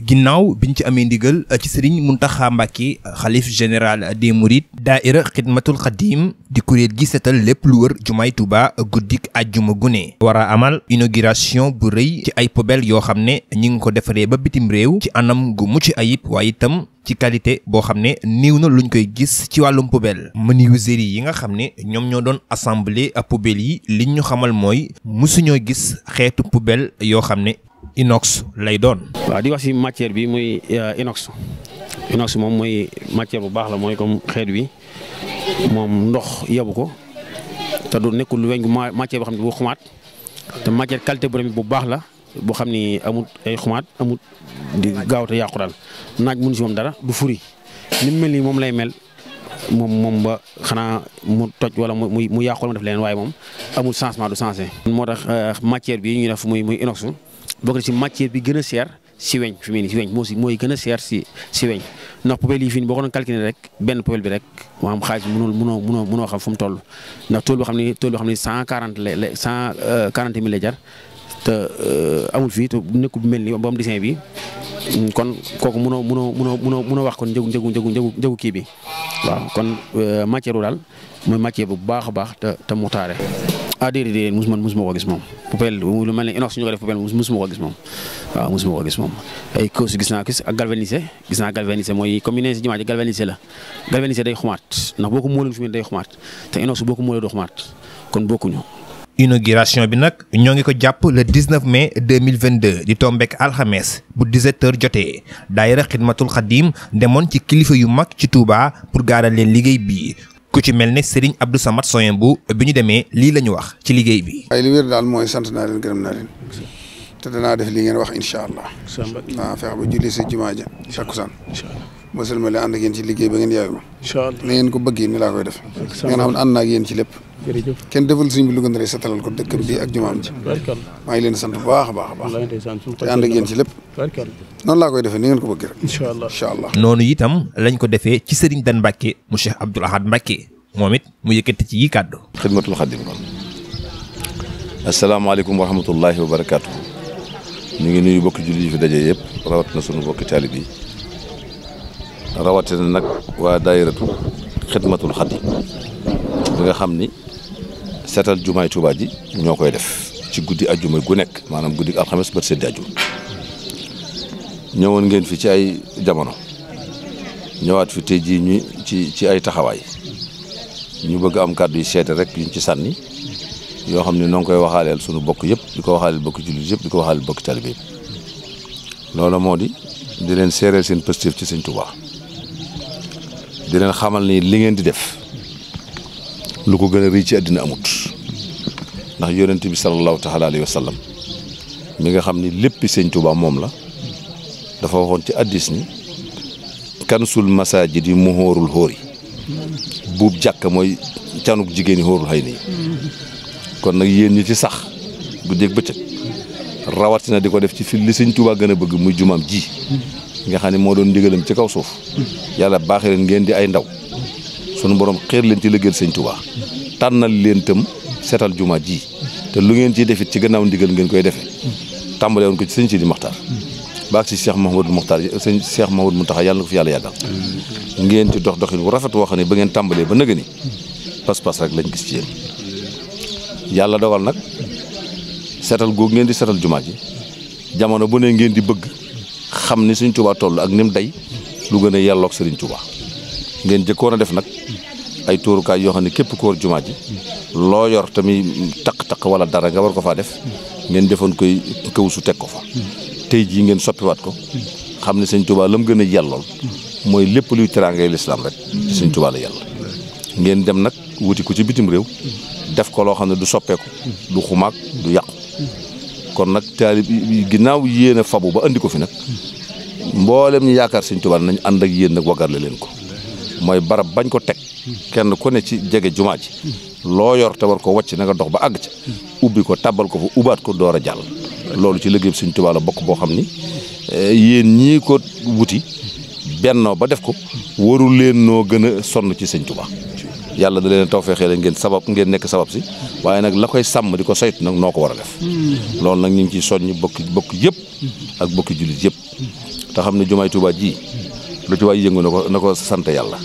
ginnaaw biñ ci amee ndigal euh, ci sëriñ Muntaxa Mbàkke euh, xalif général des daa daaira xidmatul xadim di kuréel gi setal lépp lu wër jumaay Tuuba euh, guddik àjjuma gune war a amal inauguration bu rëy ci ay poubelle yoo xam ne ñi ngi ko defaree ba bitim réew ci anam gu mucc ayib waaye itam ci qualité boo xam ne néew na lu ñu koy gis ci wàllum poubelle menuiserie yi nga xam ne ñoom ñoo doon a poubelle yi liñ ñu xamal mooy mësuñoo gis xeetu poubelle yoo xam ne inox lay doon. waaw di wax si matière bi muy euh, inox inox moom mooy matière bu baax la mooy comme xeet bi moom ndox yebu ko te du nekkul lu weñ matière boo xam ne bu xumaat te matière qualité bu baax la boo xam ni amut ay xumaat amut di gaaw te yàqu daal naaj mun si moom dara du furi ni mel nii moom lay mel. moom moom ba xanaa mu toj wala mu mu yàqu la mu def leneen waaye moom amul changement du changé. moo tax euh, matière bi ñu def muy muy inox bokk na si matière bi gën a seer si weñ fi mu ne si weñ moo si mooy gën a seer si si weñ ndax poubelle yi fi boo ko doon calculé rek benn poubelle bi rek maanaam xaalis mënul mënoo mënoo mënoo xam fu mu toll ndax tool boo xam ne tool boo xam ne cent quarante la la cent euh, quarante mille lay jar te euh, amul fii te nekku bu mel ni ba am dessin bi kon kooku mënoo mënoo mënoo mënoo mënoo wax kon njëgu njëgu njëgu njëgu kii bi waaw kon euh, matière wu daal mooy matière bu baax a baax te te mu ah déedéet déedéet mosuma mosuma ko gis moom poubelle lu mel ne inox ñu ko def poubelle mosuma ko gis moom waaw mosuma ko gis moom ay cause gis naa gis ak galvanisé gis naa galvanisé mooy comme ne si jumaa ji galvanisé la galvanisé day xumaat ndax boo ko móolul fi mu day xumaat te inox boo ko móolee du xumaat kon bokkuñu inauguration bi nag ñoo ngi ko jàpp le 19 mai 2022 di tombek alxames bu 17h jotee daayira xidmatul xadim demoon ci kilifa yu mag ci Touba pour gaaral leen liggéey bii ku ci mel ne samat Abdou Samad Soyen bu bi ñu demee lii la ñu wax ci liggéey bi. waaye li daal mooy sant naa leen gërëm naa leen. te danaa def li ngeen wax incha allah. incha allah waaw fexe ba julli sa jumaa ja takkusaan ba sëlmale ànd ak yéen ci liggéey ba ngeen yaay ma ngeen ko bëggee ni laa koy def ngeen xam ne ànd naa ak yéen ci lépp kenn defal suñu bi lu gën a rey setalal ko dëkkam bi ak jumaam ji maa ngi leen sant bu baax a baax a baax te ànd ak yéen ci lépp noonu laa koy defee ni ngeen ko bëggee rek incha allah incha allah noonu itam lañ ko defee ci sëriñ Dan Mbàkke mu Cheikh Abdoul Ahad Mbàkke moom it mu yëkkati ci yi kàddu xidmatul xadim kon asalaamaaleykum wa rahmatullahi ngi nuyu bokki julli yi fi daje yëpp rawat na sunu bokki taalib rawatina nag waa daayiratu xidmatul xadim bi xam ni seetal jumaay Tuubaa ji ñoo koy def ci guddi ajjuma gu nekk maanaam guddi alxames ba seddi ajjuma ñëwoon ngeen fi ci ay jamono ñëwaat fi te jii ñu ci ci ay taxawaay ñu bëgg am kàddu yi seete rek yuñ ci sànni yoo xam ne noo koy waxaaleel sunu bokk yëpp di ko waxaaleel bokk jullit yëpp di ko waxaaleel bokk taalibe yëpp moo di di leen seereel seen positif ci sëñ Tuubaa di leen xamal ni li ngeen di def lu ko gën a rii ci àddina amut ndax yonent bi sallallahu taala alayhi wa sallam mi nga xam ni lépp sëñ Tuubaa moom la dafa waxoon ci addis ni kansul masaajid yi mu xóorul xóor yi buub jàkk mooy canuk jigéen yi xóorul xëy nii kon nag yéen ñi ci sax guddeeg bëccëg rawatina di ko def ci fil li sëñ Tuubaa gën a bëgg muy jumaam ji nga xam ne moo doon ndigalam ci kaw suuf yàlla baaxe leen ngeen di ay ndaw sunu borom xeer leen ci liggéeyal sëñ Tuubaa tànnal leen tam seetal juma ji te lu ngeen ciy defit ci gannaaw ndigal ngeen koy defee tàmbale woon ko ci sëñ si di Maxtaar baag si Cheikh Mouhamadou Mokhtar sëñ Cheikh Mouhamadou Mountakha yàlla na ko fi yàlla yàggal ngeen ci dox doxin bu rafet woo xam ne ba ngeen tàmbalee ba nëgë ni pas-pas rek lañ gis ci yéen yàlla dogal nag seetal googu ngeen di seetal jumaa ji jamono bu ne ngeen di bëgg xam ni Sëriñ Tuubaa toll ak ni mu day lu gën a yelloog Sëriñ Tuubaa ngeen jëkkoon a def nag ay tuurukaay yoo xam ne képp ko war jumaa ji loo yor tamit taq-taq wala dara nga war ko faa def ngeen defoon koy kaw su teg ko fa tey jii ngeen soppiwaat ko xam ne Sëriñ Tuubaa la mu gën a yellool mooy lépp luy teraangay lislaam rek ci Sëriñ Tuubaa la yàlla ngeen dem nag wuti ko ci bitim réew def ko loo xam ne du soppeeku du xumaak du yàqu kon nag taalib ginnaaw yéen a ba andi ko fi nag mboolem ñu yaakaar Sëñ Tuubaa nañ ànd ak yéen nag waggarle leen ko mooy barab bañ ko teg kenn ku ne ci jege jumaa ji loo yor te war ko wacc na dox ba àgg ca ubbi ko tabal ko fa ubaat ko door a jàll loolu ci liggéeyam Sëñ Tuubaa la bokk boo xam ni eh, yéen ñii ko wuti bennoo ba def ko waru leen noo gën a sonn ci Sëñ Tuubaa yàlla da leen tawfeexee la ngeen sabab ngeen nekk sabab si waaye nag la koy sàmm di ko saytu nag noo ko war a def hmm. loolu nag ñu ngi ciy soññ bokki bokk yëpp ak bokki jullit yëpp te xam ne jumaay Touba ji lu ci waay yëngu na ko na ko sant yàlla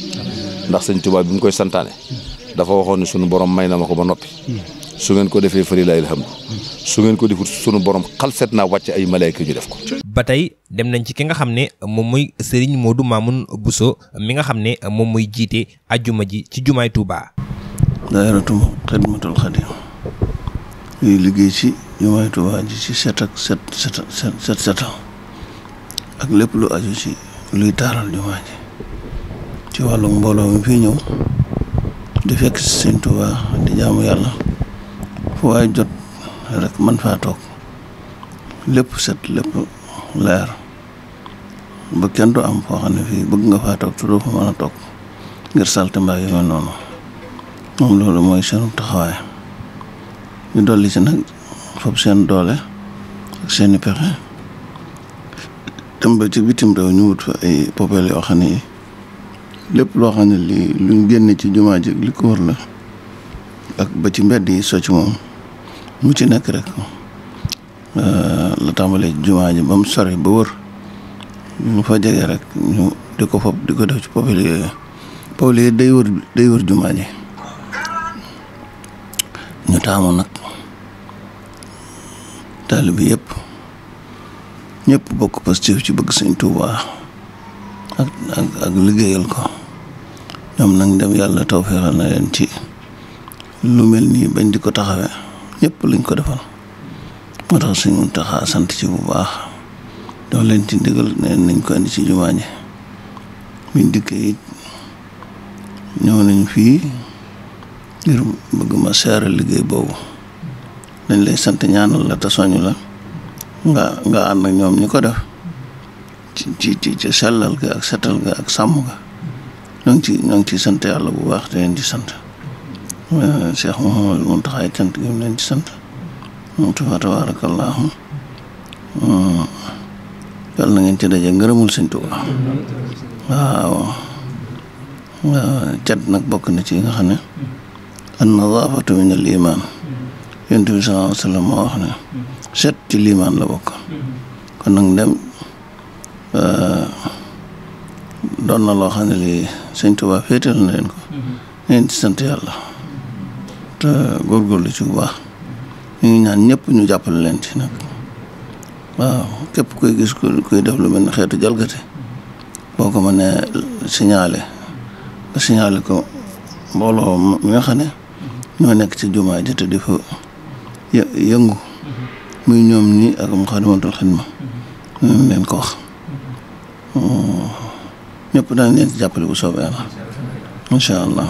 ndax sëñ Touba bi mu koy santaane dafa waxoon ne sunu borom may na ma ko ba noppi su ngeen ko defee fari laa ilhamdu su ngeen ko defut sunu borom xalset naa wàcc ay malaayka ñu def ko. ba tey dem nañ ci ki nga xam ne moom mooy Serigne Modou Mamoun Bousso mi nga xam ne moom mooy jiite ajjuma ji ci jumaay Touba. daayiratu xidmatul xadim ñuy liggéey ci jumaay Touba ji ci set ak set set set set ak lépp lu aju ci luy taaral jumaa ji ci wàllu mbooloo mi fi ñëw di fekk Sëñ Tuubaa di jaamu yàlla fu waay jot rek man faa toog lépp set lépp leer ba kenn du am foo xam ne fii bëgg nga faa toog te doo fa mën a toog ngir salte mbaa yu noonu moom loolu mooy seen taxawaay ñu dolli ci nag fab seen doole ak seeni pexe tam ba ci bitim réew ñu wut fa ay poubelles yoo xam ne lépp loo xam ne lii luñ génne ci jumaa ji li ko wër la ak ba ci mbedd yi socc moom mu ci nekk rek euh, la tàmbalee ci jumaa ji ba mu sore ba wër ñu fa jege rek ñu di ko fob di ko def ci poubelles yooyu poubelles yi day wër day wër jumaa ji ñu taamu nag taalibe yépp ñépp bokk positif ci bëgg sëñ Tuubaa ak liggéeyal ko ñoom nag dem yàlla tawfeexal na leen ci lu mel nii bañ di ko taxawee ñépp lañ ko defal moo tax suñ mun sant ci bu baax doo leen ci ndigal neen nañ ko indi ci jumaa ji biñ dikkee it ñëw nañ fii ngir bëgg ma seeral liggéey boobu dañ lay sant ñaanal la te la nga nga ànd ak ñoom ñu ko def ci ci sellal ga ak setal ga ak sàmm ga ñoo ci ñoo ngi ciy sant bu baax te leen ci sant eh, Cheikh Mouhamadou Mountakha cant gi mu leen ci sant moom tufa tabaarakallaahu hmm. yàlla na ngeen ci daje ngërëmul sëñ Tuubaa waaw cat nag bokk na ci nga xam ne an nadaafatu min al iman yonent bi sallallahu alayhi wa sallam wax ne set ci liimaan la bokk kon nag dem euh, doon na loo xam ne lii sëñ Tuubaa féetal na leen ko neen ci sant yàlla te góorgóorlu ci bu ñu ngi ñaan ñépp ñu jàppale leen ci nag waaw képp kuy gis kuy def lu mel ne xeetu jalgate boo ko mënee signalé nga signalé ko mbooloo mi nga xam ne ñoo nekk ci jumaa ji te di fa yëngu muy ñoom ñi ak Moukhaddamatoul Khidma ñu leen ko wax ñëpp daañu leen ci jàppale bu soobee yàlla incha allah.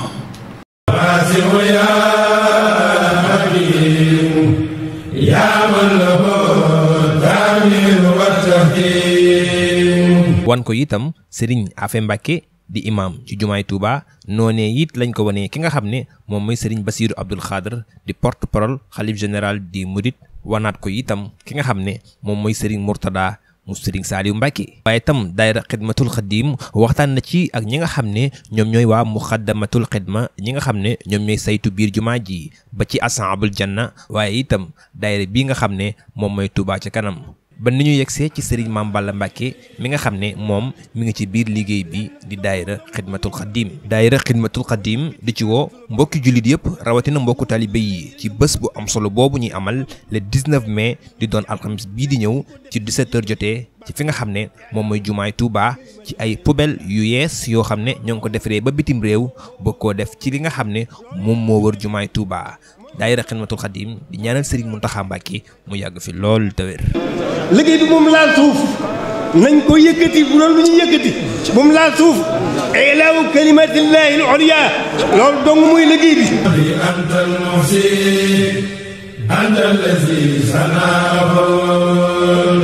wan ko itam Serigne Afe Mbacke di imaam ci jumaay Touba noonee it lañ ko wanee ki nga xam ne moom mooy Serigne Bassirou Abdoul Khadr di porte parole xalif général di Mouride. wanaat ko itam ki nga xam ne moom mooy Serigne Mourtada mu Serigne Saliou Mbacké waaye itam daayira xidmatul xadim waxtaan na ci ak ñi nga xam ne ñoom ñooy waa muxaddamatul xidma ñi nga xam ne ñoom ñooy saytu biir jumaa ji ba ci ashaabul janna waaye itam daayira bii nga xam ne moom mooy Touba ca kanam ba ni ñu yegsee ci sëriñ Maam Balla Mbàkke mi nga xam ne moom mi ngi ci biir liggéey bi di daayira xidmatul xadim daayira xidmatul xadim di ci woo mbokki jullit yëpp rawatina mbokku taalibé yi ci bés bu am solo boobu ñuy amal le 19 mai di doon alxamis bii di ñëw ci 17 heures jotee ci fi nga xam ne moom mooy jumaay Touba ci ay poubelle yu yees yoo xam ne ñoo ngi ko defaree ba bitim réew ba koo def ci li nga xam ne moom moo wër jumaay Touba daayira Xidmatul Xadim di ñaanal Serigne Mountakha Mbacké mu yàgg fi lool te wér. liggéey bi moom laal suuf nañ ko yëkkati bu doon lu ñu yëkkati moom laal suuf ilaaw kalimatillahi al-ulya loolu dong muy liggéey bi. antal lazi sanaa